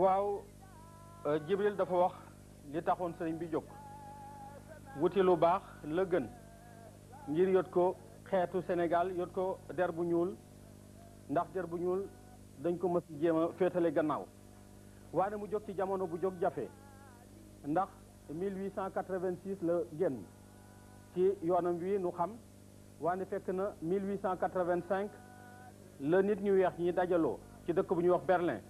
waaw euh, Jibril dafa wax li taxoon sëriñ bi jóg wuti lu baax la gën ngir yot ko xeetu Sénégal yot ko der bu ñuul ndax der bu ñuul dañ ko mës jéem a féetale gannaaw ne mu jóg ci jamono bu jóg jafe ndax 1886 la génn ci yoonam wi nu xam waane fekk na 1885 la nit ñu weex ñi dajaloo ci dëkk bu ñuy wax Berlin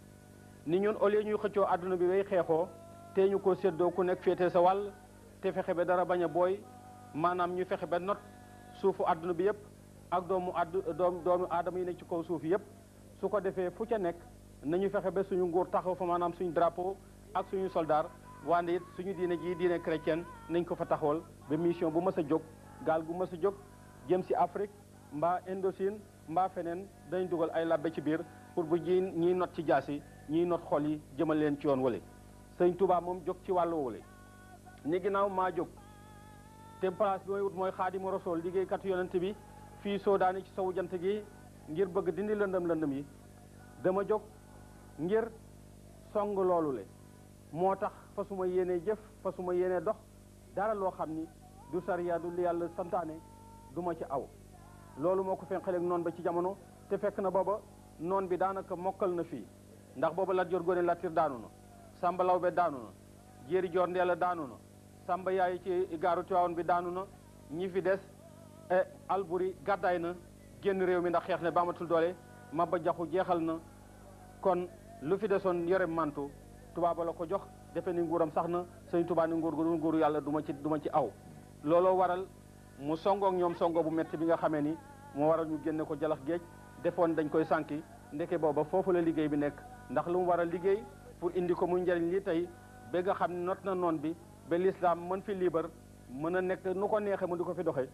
ni ñun au lieu ñuy xëccoo àdduna bi way xeexoo te ñu ko séddoo ku nekk féete sa wal te fexe ba dara bañ a booy maanaam ñu fexe ba not suufu àdduna bi yépp ak doomu addu doom doomu aadama yi nekk ci kaw suuf yépp su ko defee fu ca nekk nañu fexe ba suñu nguur taxaw fa maanaam suñu drapeau ak suñu soldat wante it suñu diine jii diine chrétienne nañ ko fa taxawal ba mission bu mës a jóg gaal gu mës a jóg jëm si Afrique mbaa Indochine mbaa feneen dañ dugal ay labbe ci biir pour bu ji ñiy not ci jaas yi ñiy not xol yi jëmal leen ci yoon wale sëñ Touba moom jóg ci wàllu wale ni ginnaaw maa jóg te place bi mooy wut mooy xaadimu rasool liggéeykatu yonent bi fii soo daani ci sowu jant gi ngir bëgg dindi lëndëm lëndëm yi dama jóg ngir song loolule moo tax fasuma yéenee jëf fasuma yéenee dox dara loo xam ni du sariya du li yàlla santaane duma ci aw loolu moo ko fenqaleeg noonu ba ci jamono te fekk na booba noon bi daanaka mokkal na fii ndax booba Lat Joor Ngoone Latiir daanu na Samba Lawbe daanu na Jéeri Joor Ndeela daanu na Samba Yaay ci gaaru Tiwaawan bi daanu na ñi fi des e, Alburi gàddaay na génn réew mi ndax xeex ne baamatul doole ma ba Jaxu jeexal na kon lu fi desoon yore mantu tubaaba la ko jox defe ni nguuram sax na sëñ tubaa ni nguur gu dul nguuru yàlla du ma ci duma ci aw looloo waral mu songoog ñoom songo bu métti bi nga xamee ni moo waral ñu génne ko jalax géej defoon dañ koy sànki ndeke booba foofu la liggéey bi nekk ndax lu mu war a liggéey pour indi ko mu njëriñ li tey ba nga xam ne not na noon bi ba lislaam mën fi liibar mën a nekk nu ko neexee mu di ko fi doxe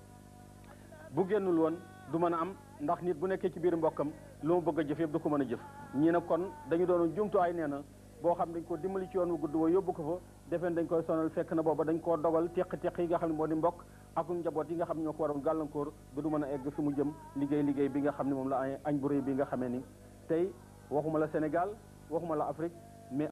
bu génnul woon du mën a am ndax nit bu nekkee ci biir mbokkam lu mu bëgg a jëf yëpp du ko mën a jëf ñii na kon dañu doon ay nee na boo xam dañ ko dimbali ci yoon wu gudd wa yóbbu ko fa defeen dañ koy sonal fekk na booba dañ ko dogal teq-teq yi nga xam ne moo ni mbokk ak njaboot yi nga xam ne ñoo ko waroon gàllankoor ba du mën a egg fi mu jëm liggéey liggéey bi nga xam ne moom la añ bu rëy bi nga xamee ni tey waxuma la Sénégal waxuma la Afrique mais